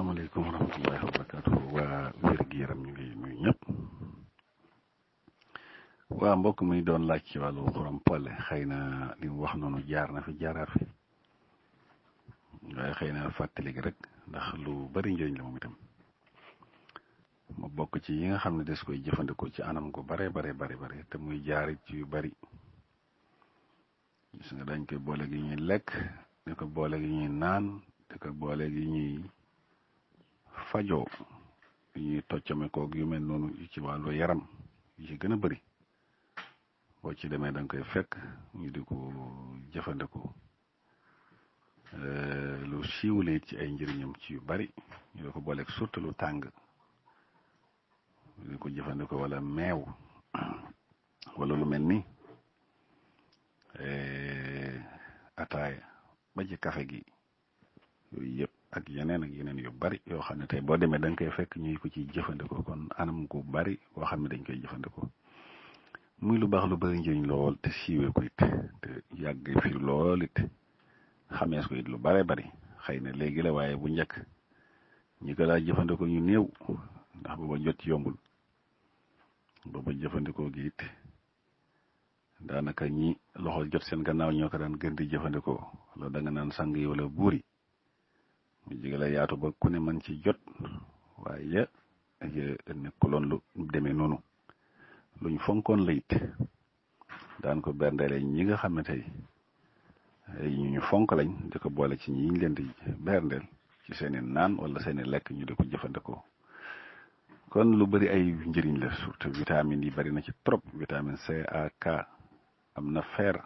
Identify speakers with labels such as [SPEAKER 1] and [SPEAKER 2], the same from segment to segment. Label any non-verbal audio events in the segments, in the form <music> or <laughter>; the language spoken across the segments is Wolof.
[SPEAKER 1] asalaamaaleykum wa rahmatullahi wa barakaatu waa wér gu mbokk mi doon laaj ci wàllu xorom pale xëy na lim wax noonu jaar na fi jaaraat fi waaye xëy na fàttali gi rek ndax lu bari njëriñ la moom itam ma bokk ci yi nga xam ne des koy jëfandikoo ci anam gu bare bare bare bare te muy jaari yu bari gis nga dañ koy boole gi ñuy lekk di ko boole gi ñuy naan di ko boole gi ñuy fajoo ñuy toccame koog yu mel noonu ci wàllu yaram yi ci gën a bëri boo ci demee danga koy fekk ñu di ko jëfandikoo euh, lu siiwalee ci ay njëriñam ci yu bari ñu di ko booleeg surtout lu tàng di ko jëfandikoo wala meew <coughs> wala lu mel ni euh, ataaya ba kafe gi yëpp. ak yeneen ak yeneen yu bari yoo xam ne tey boo demee da nga koy fekk ñuy ko ciy jëfandikoo kon anam gu bari boo xam ne dañ koy jëfandikoo muy lu baax lu bari njëriñ lool te siiwee ko it te yàgg fi lool it xamees ko lu bare bari xëy na léegi la waaye bu njëkk ñi ko daa jëfandikoo ñu néew ndax booba jot yombul booba jëfandikoo gi daanaka ñi loxo jot seen gannaaw ñoo ko daan gën di jëfandikoo loolu danga naan sang yi wala buur yi mu jege la yaatu ba ku ne mën ci jot waaye nekkuloon lu demee noonu luñ fonkoon la it daan ko berndeel ñi nga xam ne tey ñu ñu fonk lañ di boole ci ñi ñu leen di berndeel ci seeni naan wala seeni lekk ñu di ko jëfandikoo kon lu bari ay njëriñ la surtout vitamines yi bari na ci trop vitamine C A K am na feer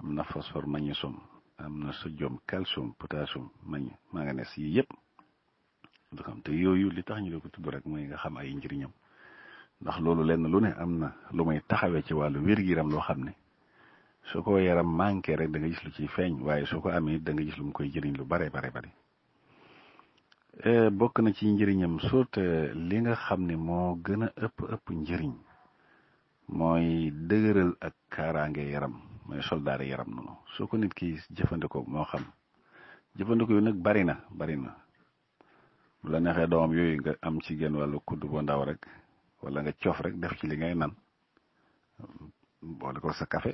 [SPEAKER 1] am na phosphore magnésium am na sodium calcium potassium manganèse yii yëpp xam te yooyu li tax ñu di ko tudd rek mooy nga xam ay njëriñam ndax loolu lenn lu ne am na lu may taxawee ci wàllu wér-gi-yaram loo xam ne su ko yaram manqué rek da nga gis lu ciy feeñ waaye su ko amee da nga gis lu mu koy jëriñ lu bare bare bari eh, bokk na ci njëriñam surtout li nga xam ne moo gën a ëpp ëpp njëriñ mooy dëgëral ak kaaraange yaram mooy soldaar yaram noonu su ko nit ki jëfandikoo moo xam jëfandikoo yu nag bari na bari na bu la neexee doomam yooyu nga am ci genn wàllu kudd bu ndaw rek wala nga rek def ci li ngay nan boole ko sa café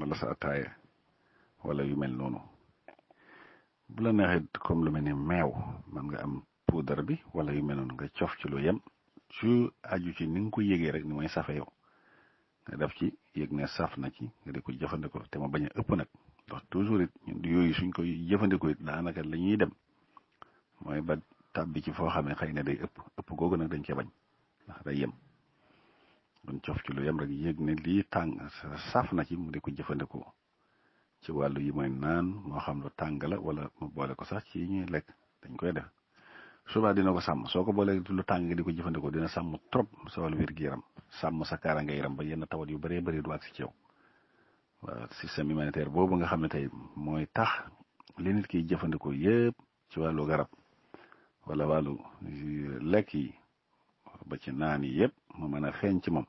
[SPEAKER 1] wala sa ataaya wala yu mel noonu bu la neexee comme lu mel ni meew man nga am poudre bi wala yu mel noonu nga coof ci lu yem su aju ci ni nga ko yëgee rek ni mooy safe yow nga def ci yëg ne saf na ci nga di ko jëfandikoo te ma bañ a ëpp nag ndax toujours it yooyu suñ koy jëfandikoo it daanaka la ñuy dem mooy ba tàbbi ci foo xamee xëy na day ëpp ëpp googu nag dañ cee bañ ndax day yem kon cof ci lu yem rek yëg ne lii tàng saf na ci mu di ko jëfandikoo ci wàllu yi mooy naan moo xam lu tàng la wala mu boole ko sax ci yi ñuy lekk dañ koy def suba dina ko sàmm soo ko boolee lu di ko jëfandikoo dina sàmm trop sa wàllu gu yaram sàmm sa kaara nga yaram ba yenn tawat yu bëree bëri du ak si ci yow waaw système humanitaire boobu nga xam ne tey mooy tax li nit kiy jëfandikoo yépp ci wàllu garab wala wàllu euh, lekk yi ba ci naan yi yépp mu mën a feeñ ci moom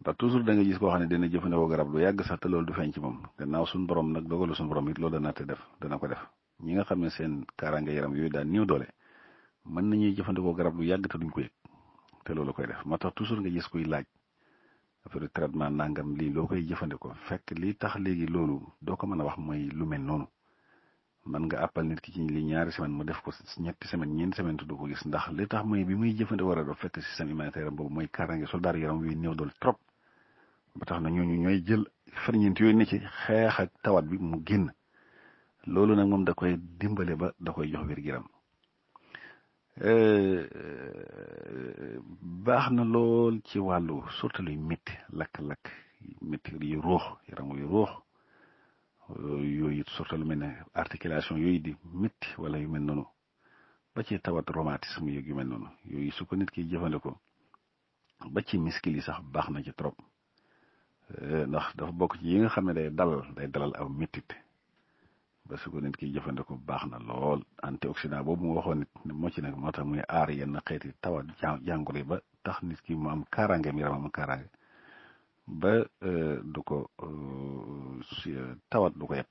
[SPEAKER 1] ndax toujours da nga gis koo xam ne dina jëfandikoo garab lu yàgg sax te loolu du feeñ ci moom gannaaw suñu borom nag dogalu suñu borom it loolu dana def dana ko def ñi nga xam ne seen kaaraange yaram yooyu daal néew doole mën nañuy jëfandikoo garab lu yàgg te duñ ko yëg te loolu koy def moo tax toujours nga gis kuy laaj affaire traitement nangam lii loo koy jëfandikoo fekk li tax léegi loolu doo ko mën a wax mooy lu mel noonu man nga àppal nit ki ci ñaari semaine mu def ko ñetti semaine ñeenti semaine tudd ko gis ndax li tax mooy bi muy jëfandikoo war a fekk système immunitaire boobu mooy karange soldaar yaram wi néew dool trop ba tax na ñooñu ñooy jël ferñeent yooyu ne ci xeex ak tawat bi mu génn loolu nag moom da koy dimbale ba da koy jox wér gu baax na lool ci wàllu surtout luy métti lakk-lakk métti yu ruux yaram yu ruux yooyu surtout lu mel ne articulation yooyu di métti wala yu mel noonu ba ci tawat romantisme yeeg yu mel noonu yooyu su ko nit ki jëfandikoo ba ci miskil yi sax baax na ci trop ndax dafa bokk ci yi nga xam ne day dalal day dalal aw méttit ba su ko nit ki jëfandikoo baax na lool antioxydant boobu mu waxoon nit ne moo ci nekk moo tax muy aar yenn xeeti tawat jàngoro yi ba tax nit ki mu am kaaraange mi yaram am kaaraange ba euh, du ko euh, euh, tawat du ko yeb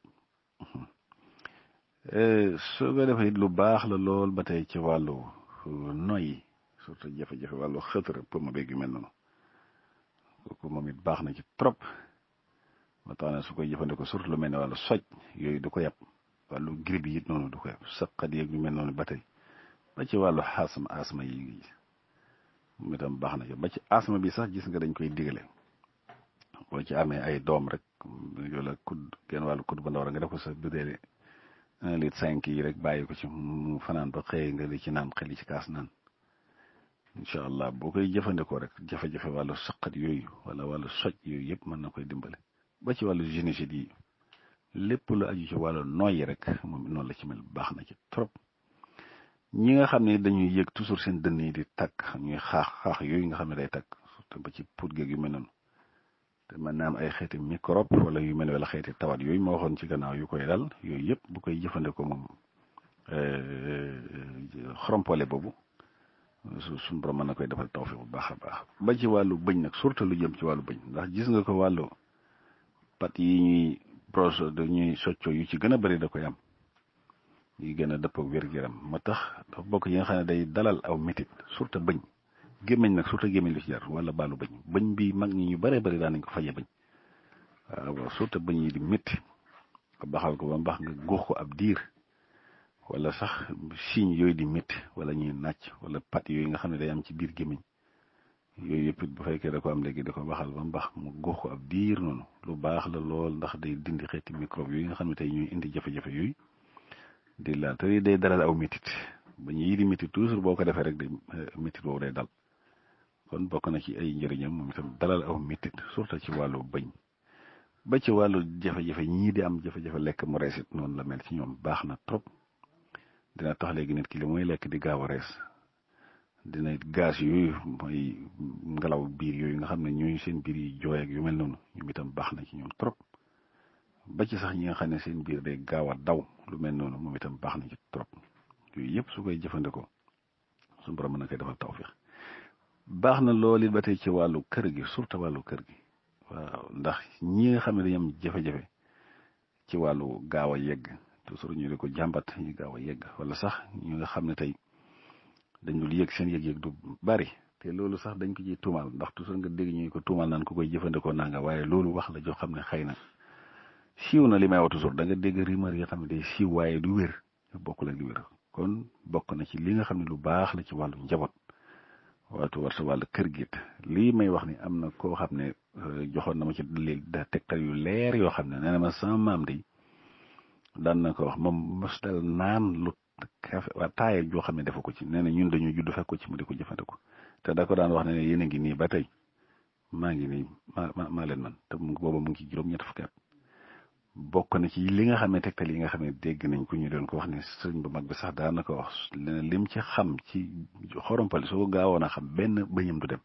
[SPEAKER 1] su ko defee lu baax la lool ba tey ci wàllu noyyi surtout jafe-jafe wàllu xëtër pomme beeg yu mel noonu kooku moom it baax na ci trop. ba tax na su koy jëfandikoo surtout lu mel ne wàllu soj yooyu du ko yàpp wàllu grippe yi noonu du ko yàpp saqat yeeg ñu mel noonu ba tey ba ci wàllu asma asma yi mu itam baax na ci ba ci asma bi sax gis nga dañ koy digale boo ci amee ay doom rek wala kudd genn wàllu kudd ba ndaw rek nga def ko sa butéeli un litre cinq yi rek bàyyi ko ci mu fanaan ba xëy nga li ci naan xëy li ci kaas naan incha allah boo koy jëfandikoo rek jafe-jafe wàllu saqat yooyu wala wàllu soj yooyu yëpp mën na koy dimbale ba ci wàllu génétique yi lépp lu aju ci wàllu nooyi rek moom noonu la ci mel baax na ci trop ñi nga xam ne dañuy yëg toujours seen dënn yi di takk ñuy xaax xaax yooyu nga xam ne day takk surtout ba ci puut geeg yu mel noonu te mën naa am ay xeeti microbe wala yu mel ne wala xeeti tawat yooyu ma waxoon ci gannaaw yu koy dal yooyu yëpp bu koy jëfandikoo moom xorompole boobu lu jëm ci wàllu pat yi ñuy projet de socco yu ci gën a bari da koy am yi gën a dëppoo ak wér moo tax dafa bokk yi nga xam ne day dalal aw métit surtout bëñ gémmiñ nag surtout gémmiñ lu ci jar wala baalu bëñ bëñ bi mag ñi ñu bëree bëri daan nañ ko faje bëñ waaw surtout bëñ yi di métti nga baxal ko ba mu baax nga góox ko ab diir wala sax signe yooyu di métti wala ñuy nàcc wala pat yooyu nga xam ne day am ci biir gémmiñ yooyu yëpp it bu fekkee da ko am léegi da ko baxal ba mu mu góox ko ab diir noonu lu baax la lool ndax day dindi xeeti microbe yooyu nga xam ne tey ñuy indi jafe-jafe yooyu di laal te day daral aw métit ba ñu yiri métit toujours boo ko defee rek di euh, métit boobu day dal kon bokk na ci ay njëriñam moom itam dalal aw métit surtout ci wàllu bëñ ba ci wàllu jafe-jafe ñii di am jafe-jafe lekk mu rees noonu la mel ci ñoom baax na trop dina tax léegi nit ki li muy lekk di gaaw a rees dina gaz yooyu mooy ngelaw biir yooyu nga xam ne ñooñu seen biir yi jooy ak yu mel noonu ñoom itam baax na ci ñoom trop ba ci sax ñi nga xam ne seen biir day gaaw a daw lu mel noonu moom itam baax na ci trop yooyu yëpp su koy jëfandikoo suñu borom mën na koy defal baax na lool ba tey ci wàllu kër gi surtout wàllu kër gi waaw ndax ñi nga xam ne dañu am jafe-jafe ci wàllu gaaw a yegg toujours ñu di ko jàmbat ñu gaaw a yegg wala sax ñi nga xam ne tey. dañul yëg seen yëg-yëg du bari te loolu sax dañ ko ciy tuumaal ndax toujours nga dégg ñu ko tuumaal naan ku koy jëfandikoo naanga waaye loolu wax la joo xam ne xëy na siiw na li may wax toujours da nga dégg rumeur yi xam ne day siiw waaye du wér bokkul ak li wér kon bokk na ci li nga xam ne lu baax la ci wàllu njaboot waatu war kër gi it lii may wax ni am na koo xam ne euh, joxoon na ma ci léegi da yu leer yoo xam ne nee na ma maam di daan na ko wax moom mostal naan lu waa taayal joo xam ne defu ko ci nee na ñun dañoo juddu fekk ko ci mu di ko jëfandiku te da ko daan wax ne ne yéen ngi nii ba tey maa ngi nii maa maa leen man te mu booba mu ngi ci juróom-ñett fukki at bokk na ci li nga xam ne tegtal yi nga xam ne dégg nañ ko ñu doon ko wax ne sëriñ bu mag bi sax daan wax leneen lim ci xam ci xorompal soo gaawoon a xam benn bëñam du dem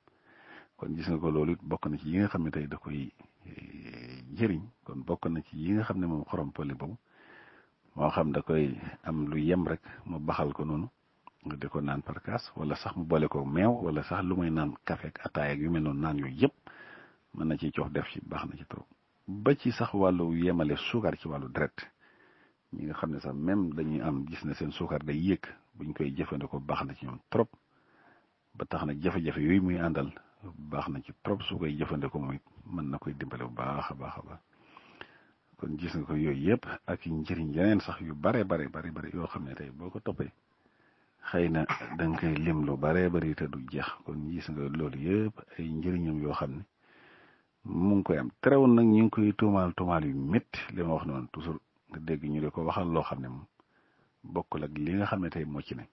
[SPEAKER 1] kon gis nga ko loolu it bokk na ci yi nga xam ne tey da koy eh, jëriñ kon bokk na ci yi nga xam ne moom xorompali boobu. moo xam da koy am lu yem rek mu baxal ko noonu nga di ko naan par kaas wala sax mu boole ko meew wala sax lu muy naan kafe ak ataaya ak yu mel noonu naan yooyu yëpp mën na ci cox def ci baax na ci trop ba ci sax wàllu yemale suukar ci wàllu deret ñi nga xam ne sax même dañuy am gis ne seen suukar day yéeg buñ koy jëfandikoo baax na ci ñoom trop ba tax na jafe-jafe yooyu muy àndal baax na ci trop su koy jëfandikoo moom it mën na koy dimbale bu baax a baax a baax kon gis nga ko yooyu yëpp ak njëriñ yeneen sax yu bare bare bare bare yoo xam ne tey boo ko toppee xëy na da nga koy lim lu bare bari te du jeex kon gis nga loolu yëpp ay njëriñam yoo xam ne mu ngi koy am terewul nag ñu ngi koy tuumaal tuumaal yu métti li wax noonu toujours nga dégg ñu ko waxal loo xam ne moom ak li nga xam moo ci ne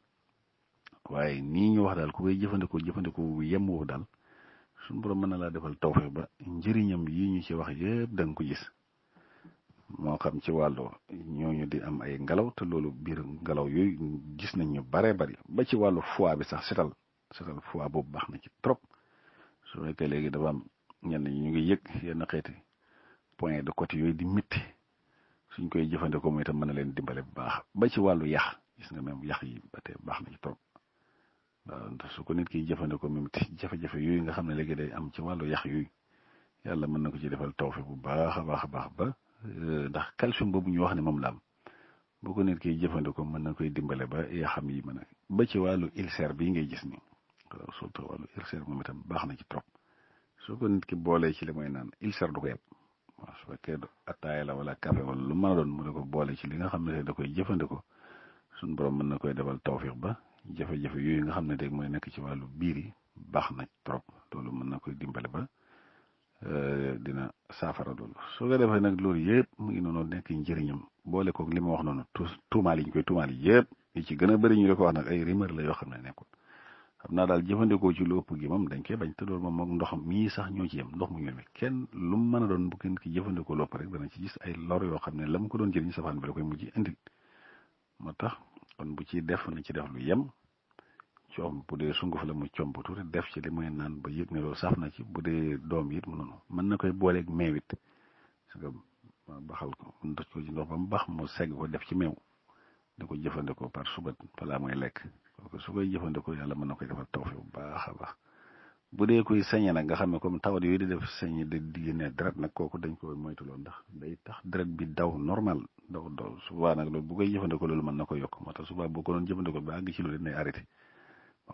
[SPEAKER 1] waaye nii ñu wax daal ku jëfandikoo jëfandikoo yem woo daal suñu mën na laa defal tawfeex yi ñu ci wax yëpp da ko gis. moo xam ci wàllu ñooñu di am ay ngelaw te loolu biir ngelaw yooyu gis nañ ñu baree bari ba ci wàllu fois bi sax setal setal fois boobu baax na ci trop su fekkee léegi dafa am ñenn ñu ngi yëg yenn xeeti point de côté yooyu di mitti suñ koy jëfandikoo mooy mën na leen dimbale bu baax ba ci wàllu yax gis nga même yax yi ba tey baax na ci trop waaw su ko nit ki jëfandikoo même ci jafe-jafe yooyu nga xam ne léegi day am ci wàllu yax yooyu yàlla mën na ko ci defal tawfe bu baax a baax a baax ba. Euh, ndax calcium boobu ñu wax ne moom la am boo ko nit kiy jëfandikoo mën na koy dimbale ba yaa xam yi mën a ba ci wàllu ulcère bi ngay gis ni waaw surtout wàllu ulcère moom baax na ci trop soo ko nit ki boolee ci li mooy naan ulcère du ko yàpp waaw su a attaaya la wala café wala lu mën a doon mu ne ko boole ci li nga xam ne da koy jëfandikoo suñu borom mën na koy defal tawfiq ba jafe-jafe yooyu nga xam ne tey mooy nekk ci wàllu biir yi baax na trop loolu mën na koy dimbale ba Euh, dina saafara loolu su ko defee nag loolu yëpp mu ngi noonu nekk njëriñam boole koog li ma wax noonu tu tuumaal yi ñu koy tuumaal yëpp yi ci gën a bëri ñu di ko wax nag ay rumeur la yoo xam ne nekkul xam naa daal jëfandikoo ci lu ëpp gi moom dañ koy bañ te loolu moom moog ndox sax ñoo ci yem ndox mu ñuul mi lu mu mën a doon bu kenn ki jëfandikoo lu ëpp rek dana ci gis ay lor yoo xam ne la mu ko doon jëriñ safaan bi la koy mujj indil moo tax kon bu ci def na ci def lu yem comp bu dee sunguf la mu comp tuuti def ci li muy naan ba yëg ne loolu saf na ci bu dee doom it mu noonu mën na koy booleeg meew it parce que baxal ko mu doj ko ci ndox ba mu bax mu def ci meew di ko jëfandikoo par subat balaa mooy lekk kooku su koy jëfandikoo yàlla mën na koy defal tawfeex bu baax a baax bu dee kuy sañe nag nga xam ne comme tawat yooyu di def sañe da diggéene deret nag kooku dañ ko moytu loolu ndax day tax deret bi daw normal daw daw subaa nag loolu bu koy jëfandikoo loolu mën na ko yokk moo tax subaa boo ko doon jëfandikoo ba àgg ci loolu day arrêté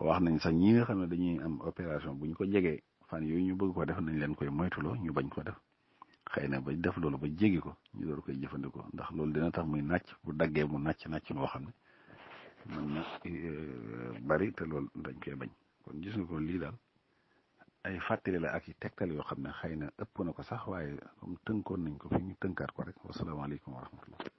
[SPEAKER 1] wax nañ sax ñi nga xam ne dañuy am opération bu ñu ko jegee fan yooyu ñu bëgg ko def nañ leen koy moytuloo ñu bañ ko def xëy na ba def loolu ba jéggi ko ñu door koy jëfandikoo ndax loolu dina tax muy nàcc bu daggee mu nàcc nàcc noo xam ne mën na euh, bari te loolu dañ koy bañ kon gis nga ko lii daal ay fàttali la ak i tegtal yoo xam ne xëy na ëpp na ko sax waaye comme tënkoon nañ ko fi ñu tënkaat ko rek wasalaamaaleykum wa rahmatullah